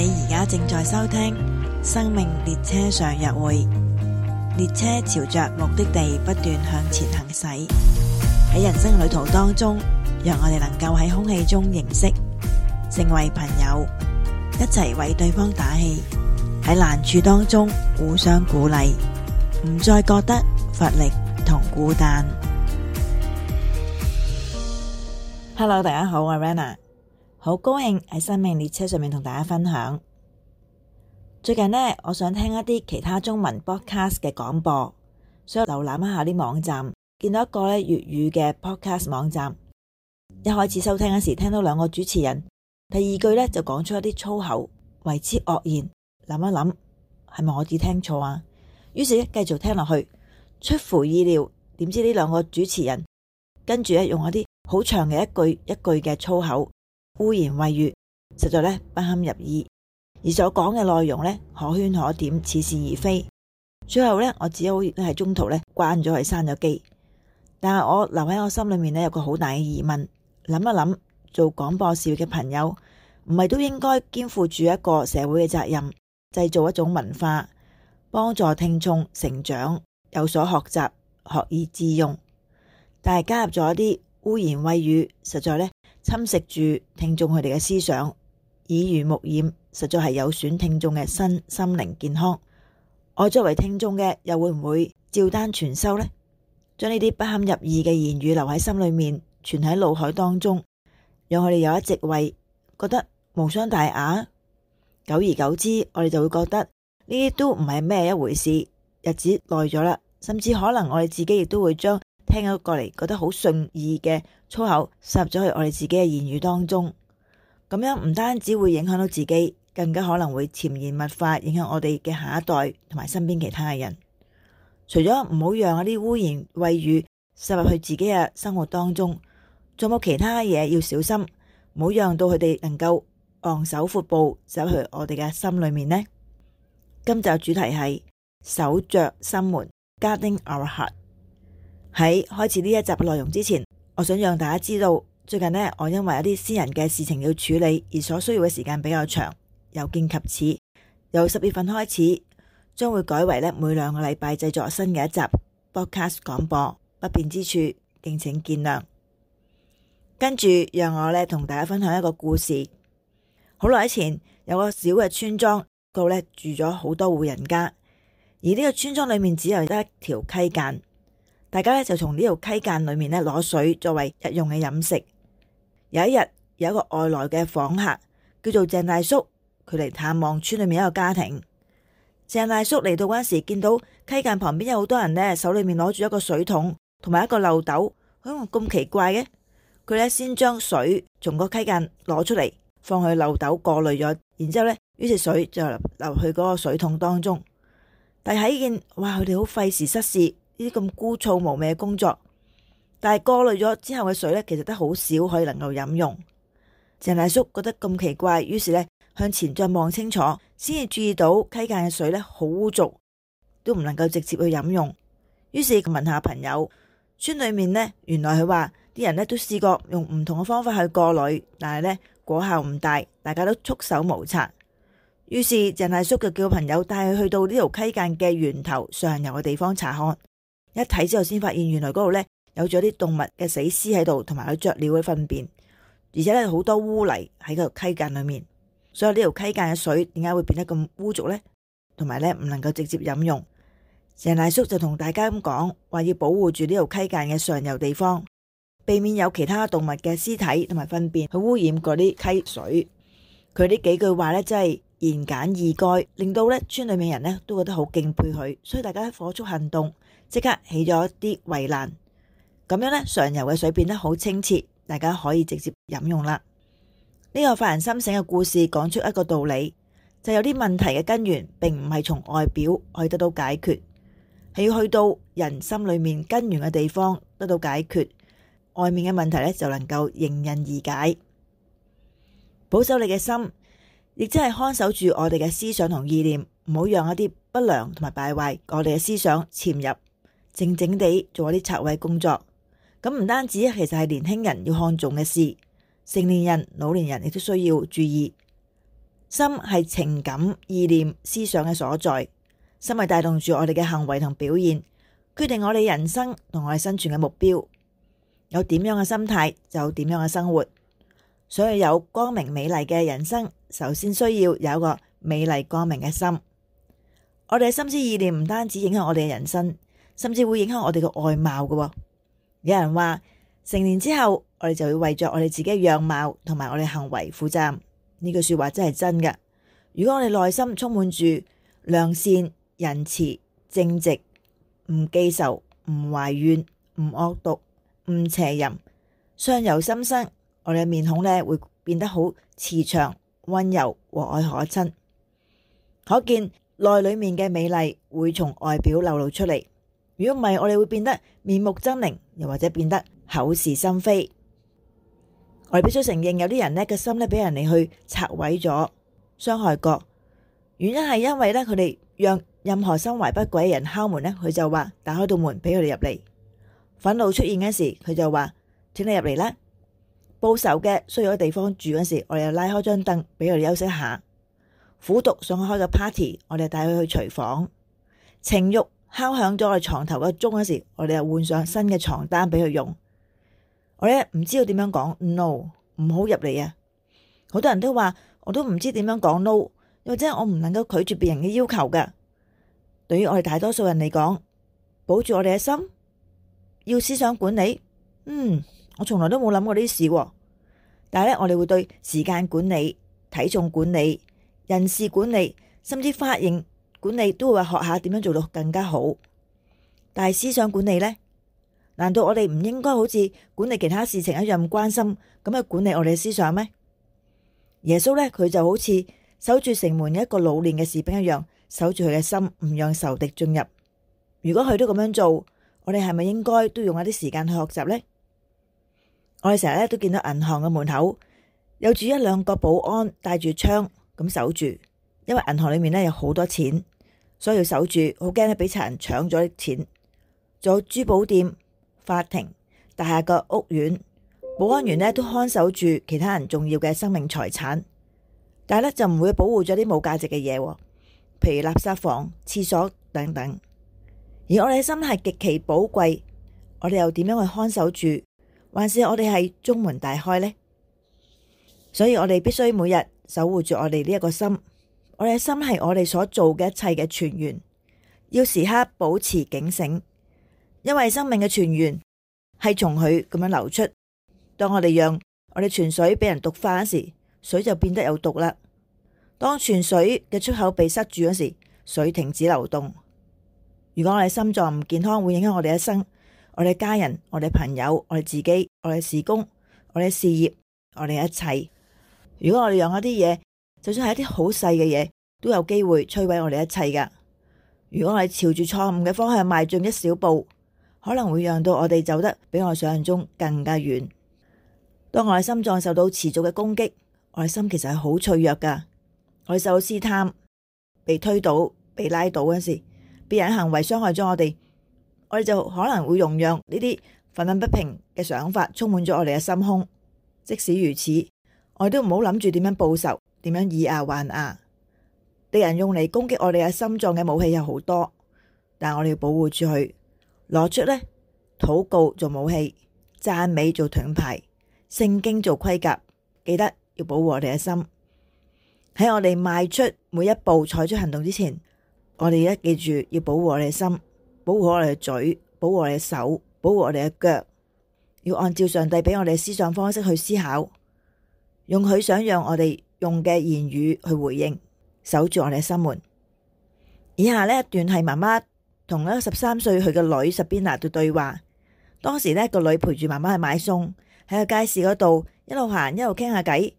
你而家正在收聽《生命列車上約會》，列車朝着目的地不斷向前行駛。喺人生旅途當中，讓我哋能夠喺空氣中認識，成為朋友，一齊為對方打氣。喺難處當中互相鼓勵，唔再覺得乏力同孤單。Hello，大家好，我係 Rana。好高興喺生命列車上面同大家分享。最近呢，我想聽一啲其他中文 podcast 嘅廣播，所以瀏覽一下啲網站，見到一個咧粵語嘅 podcast 網站。一開始收聽嗰時，聽到兩個主持人，第二句咧就講出一啲粗口，為之愕然。諗一諗，係咪我自己聽錯啊？於是咧繼續聽落去，出乎意料，點知呢兩個主持人跟住咧用一啲好長嘅一句一句嘅粗口。污言穢語，實在咧不堪入耳，而所講嘅內容咧可圈可點，似是而非。最後咧，我只好喺中途咧關咗佢，閂咗機。但係我留喺我心裏面咧，有個好大嘅疑問。諗一諗，做廣播事業嘅朋友，唔係都應該肩負住一個社會嘅責任，製造一種文化，幫助聽眾成長，有所學習，學以致用。但係加入咗啲污言穢語，實在咧。侵蝕住聽眾佢哋嘅思想，耳濡目染，實在係有損聽眾嘅身心靈健康。我作為聽眾嘅，又會唔會照單全收呢？將呢啲不堪入耳嘅言語留喺心裏面，存喺腦海當中，讓我哋有一席位，覺得無傷大雅。久而久之，我哋就會覺得呢啲都唔係咩一回事。日子耐咗啦，甚至可能我哋自己亦都會將。聽咗過嚟，覺得好順意嘅粗口，滲入咗去我哋自己嘅言語當中，咁樣唔單止會影響到自己，更加可能會潛移默化影響我哋嘅下一代同埋身邊其他嘅人。除咗唔好讓嗰啲污言穢語滲入去自己嘅生活當中，仲有冇其他嘢要小心，唔好讓到佢哋能夠昂首闊步走入去我哋嘅心裏面呢？今集主題係守着心門，Guarding our Heart。喺開始呢一集嘅內容之前，我想讓大家知道，最近呢，我因為一啲私人嘅事情要處理，而所需要嘅時間比較長，有見及此，由十月份開始將會改為咧每兩個禮拜製作新嘅一集 broadcast 廣播，不便之處敬請見諒。跟住讓我咧同大家分享一個故事。好耐以前有個小嘅村莊，嗰度咧住咗好多戶人家，而呢個村莊裏面只有一條溪澗。大家咧就從呢條溪澗裏面咧攞水作為日用嘅飲食。有一日有一個外來嘅訪客，叫做鄭大叔，佢嚟探望村裏面一個家庭。鄭大叔嚟到嗰陣時，見到溪澗旁邊有好多人咧，手裏面攞住一個水桶同埋一個漏斗，咁、哎、咁奇怪嘅。佢咧先將水從個溪澗攞出嚟，放去漏斗過濾咗，然之後咧，於是水就流去嗰個水桶當中。但係睇見，哇，佢哋好費時失事。呢啲咁枯燥無味嘅工作，但係過濾咗之後嘅水呢，其實都好少可以能夠飲用。鄭大叔覺得咁奇怪，於是呢，向前再望清楚，先至注意到溪澗嘅水呢，好污濁，都唔能夠直接去飲用。於是問下朋友，村裏面呢，原來佢話啲人呢都試過用唔同嘅方法去過濾，但係呢，果效唔大，大家都束手無策。於是鄭大叔就叫朋友帶佢去到呢條溪澗嘅源頭上游嘅地方查看。一睇之後，先發現原來嗰度呢，有咗啲動物嘅死屍喺度，同埋雀鳥嘅糞便，而且咧好多污泥喺個溪澗裏面。所以呢條溪澗嘅水點解會變得咁污濁呢？同埋咧唔能夠直接飲用。鄭大叔就同大家咁講，話要保護住呢條溪澗嘅上游地方，避免有其他動物嘅屍體同埋糞便去污染嗰啲溪水。佢呢幾句話咧真係言簡意賅，令到咧村裏面人咧都覺得好敬佩佢，所以大家火速行動。即刻起咗啲圍欄，咁樣呢，上游嘅水變得好清澈，大家可以直接飲用啦。呢、這個發人心省嘅故事講出一個道理，就是、有啲問題嘅根源，並唔係從外表可以得到解決，係要去到人心裏面根源嘅地方得到解決，外面嘅問題呢，就能夠迎刃而解。保守你嘅心，亦即係看守住我哋嘅思想同意念，唔好讓一啲不良同埋敗壞我哋嘅思想潛入。靜靜地做啲拆毀工作，咁唔單止，其實係年輕人要看重嘅事，成年人、老年人亦都需要注意。心係情感、意念、思想嘅所在，心係帶動住我哋嘅行為同表現，決定我哋人生同我哋生存嘅目標。有點樣嘅心態，就點樣嘅生活。所以有光明美麗嘅人生，首先需要有一個美麗光明嘅心。我哋嘅心思意念唔單止影響我哋嘅人生。甚至會影響我哋嘅外貌嘅、哦。有人話成年之後，我哋就會為着我哋自己嘅樣貌同埋我哋嘅行為負責。呢句說話真係真嘅。如果我哋內心充滿住良善、仁慈、正直，唔記仇、唔懷怨、唔惡毒、唔邪淫，相由心生，我哋嘅面孔咧會變得好慈祥、溫柔和藹可親。可見內裏面嘅美麗會從外表流露出嚟。如果唔係，我哋會變得面目猙獰，又或者變得口是心非。我哋必須承認，有啲人呢個心呢，畀人哋去拆毀咗、傷害過。原因係因為呢，佢哋讓任何心懷不軌嘅人敲門呢，佢就話打開道門畀佢哋入嚟。憤怒出現嘅時，佢就話請你入嚟啦。報仇嘅需要地方住嗰時，我哋就拉開張凳俾佢哋休息下。苦毒想開派去開個 party，我哋帶佢去廚房。情慾。敲響咗我床頭嘅鐘嗰時，我哋又換上新嘅床單畀佢用。我咧唔知道點樣講 no，唔好入嚟啊！好多人都話，我都唔知點樣講 no，或者我唔能夠拒絕別人嘅要求噶。對於我哋大多數人嚟講，保住我哋嘅心，要思想管理。嗯，我從來都冇諗過呢啲事啊，但係咧，我哋會對時間管理、體重管理、人事管理，甚至髮型管理都會話學下點樣做到更加好，但係思想管理呢，難道我哋唔應該好似管理其他事情一樣關心咁去管理我哋嘅思想咩？耶穌呢，佢就好似守住城門一個老練嘅士兵一樣，守住佢嘅心，唔讓仇敵進入。如果佢都咁樣做，我哋係咪應該都用一啲時間去學習呢？我哋成日咧都見到銀行嘅門口有住一兩個保安帶住槍咁守住。因為銀行裏面咧有好多錢，所以要守住，好驚咧俾賊人搶咗啲錢。仲有珠寶店、法庭、大廈個屋苑，保安員咧都看守住其他人重要嘅生命財產，但係咧就唔會保護咗啲冇價值嘅嘢，譬如垃圾房、廁所等等。而我哋嘅心係極其寶貴，我哋又點樣去看守住？還是我哋喺中門大開咧？所以我哋必須每日守護住我哋呢一個心。我哋嘅心係我哋所做嘅一切嘅泉源，要時刻保持警醒，因為生命嘅泉源係從佢咁樣流出。當我哋讓我哋泉水俾人毒化嗰時，水就變得有毒啦。當泉水嘅出口被塞住嗰時，水停止流動。如果我哋心臟唔健康，會影響我哋一生，我哋家人、我哋朋友、我哋自己、我哋嘅事工、我哋嘅事業、我哋嘅一切。如果我哋養一啲嘢。就算係一啲好細嘅嘢，都有機會摧毀我哋一切噶。如果我哋朝住錯誤嘅方向邁進一小步，可能會讓到我哋走得比我想象中更加遠。當我哋心臟受到持續嘅攻擊，我哋心其實係好脆弱噶。我哋受到試探、被推倒、被拉倒嗰時，別人行為傷害咗我哋，我哋就可能會容讓呢啲憤憤不平嘅想法充滿咗我哋嘅心胸。即使如此，我哋都唔好諗住點樣報仇。點樣以牙還牙？敵人用嚟攻擊我哋嘅心臟嘅武器有好多，但係我哋要保護住佢。攞出呢，禱告做武器，讚美做盾牌，聖經做盔甲。記得要保護我哋嘅心。喺我哋邁出每一步，採取行動之前，我哋咧記住要保護我哋嘅心，保護我哋嘅嘴，保護我哋嘅手，保護我哋嘅腳。要按照上帝畀我哋嘅思想方式去思考，用佢想讓我哋。用嘅言語去回應，守住我哋嘅心門。以下呢一段係媽媽同一個十三歲佢嘅女 Sabina 嘅對話。當時呢個女陪住媽媽去買餸，喺個街市嗰度一路行一路傾下偈。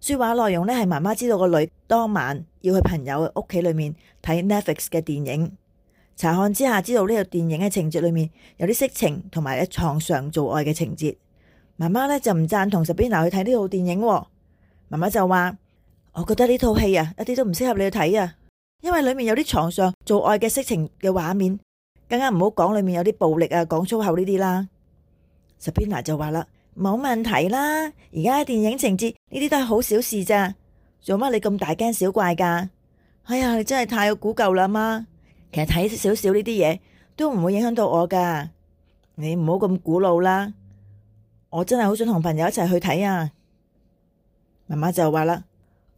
說話內容呢係媽媽知道個女當晚要去朋友嘅屋企裏面睇 Netflix 嘅電影。查看之下知道呢個電影嘅情節裏面有啲色情同埋喺床上做愛嘅情節。媽媽呢就唔贊同 Sabina 去睇呢套電影。媽媽就話。我覺得呢套戲啊，一啲都唔適合你去睇啊，因為裏面有啲床上做愛嘅色情嘅畫面，更加唔好講。裏面有啲暴力啊，講粗口呢啲啦。s a b i n a Sabina 就話啦，冇問題啦。而家電影情節呢啲都係好小事咋，做乜你咁大驚小怪噶？哎呀，你真係太古舊啦，媽。其實睇少少呢啲嘢都唔會影響到我噶，你唔好咁古老啦。我真係好想同朋友一齊去睇啊。媽媽就話啦。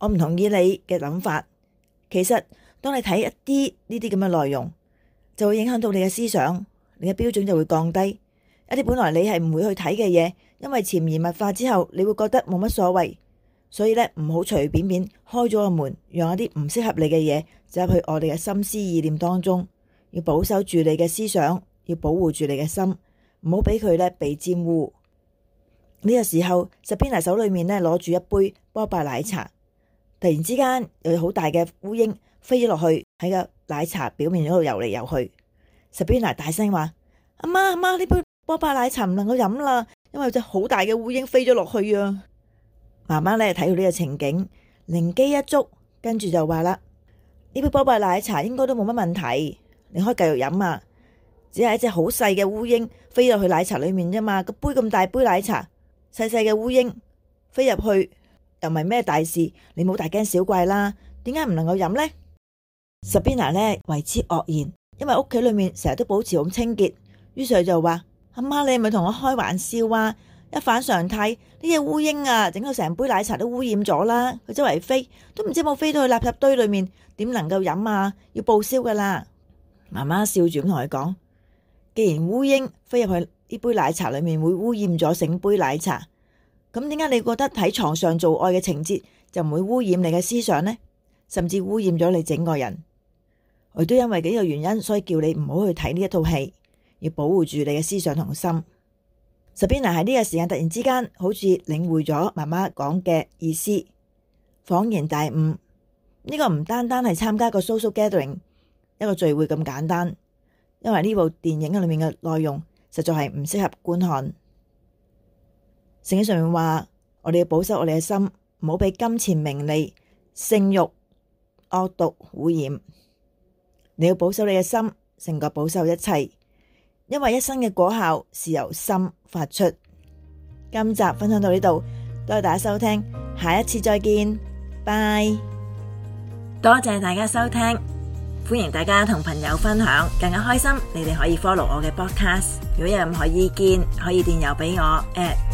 我唔同意你嘅諗法。其實當你睇一啲呢啲咁嘅內容，就會影響到你嘅思想，你嘅標準就會降低一啲。本來你係唔會去睇嘅嘢，因為潛移默化之後，你會覺得冇乜所謂。所以咧，唔好隨便便，便開咗個門，讓一啲唔適合你嘅嘢走入去我哋嘅心思意念當中。要保守住你嘅思想，要保護住你嘅心，唔好俾佢咧被沾污呢。呢個時候，Sabina 手裏面咧攞住一杯波霸奶茶。突然之間，有好大嘅烏蠅飛咗落去，喺個奶茶表面嗰度游嚟游去。Sabrina 大聲話：阿媽阿媽，呢杯波霸奶茶唔能夠飲啦，因為有隻好大嘅烏蠅飛咗落去啊！媽媽咧睇到呢個情景，靈機一觸，跟住就話啦：呢杯波霸奶茶應該都冇乜問題，你可以繼續飲啊！只係一隻好細嘅烏蠅飛咗去奶茶裏面啫嘛，個杯咁大杯奶茶，細細嘅烏蠅飛入去。又唔係咩大事，你冇大驚小怪啦。點解唔能夠飲呢？Sabina 咧為之愕然，因為屋企裏面成日都保持好清潔。於是就話：阿媽，你係咪同我開玩笑啊？一反常態，呢隻烏蠅啊，整到成杯奶茶都污染咗啦。佢周圍飛，都唔知冇飛到去垃圾堆裏面，點能夠飲啊？要報銷噶啦。媽媽笑住咁同佢講：既然烏蠅飛入去呢杯奶茶裏面，會污染咗成杯奶茶。咁點解你覺得喺床上做愛嘅情節就唔會污染你嘅思想呢？甚至污染咗你整個人，我都因為幾個原因，所以叫你唔好去睇呢一套戲，要保護住你嘅思想同心。Sabina 喺呢個時間突然之間好似領會咗媽媽講嘅意思，恍然大悟。呢、這個唔單單係參加個 social gathering 一個聚會咁簡單，因為呢部電影裏面嘅內容實在係唔適合觀看。聖經上面話，我哋要保守我哋嘅心，唔好俾金錢、名利、性欲、惡毒污染。你要保守你嘅心，成個保守一切，因為一生嘅果效是由心發出。今集分享到呢度，多謝大家收聽，下一次再見，Bye。多謝大家收聽，歡迎大家同朋友分享，更加開心。你哋可以 follow 我嘅 podcast，如果有任何意見，可以電郵俾我、呃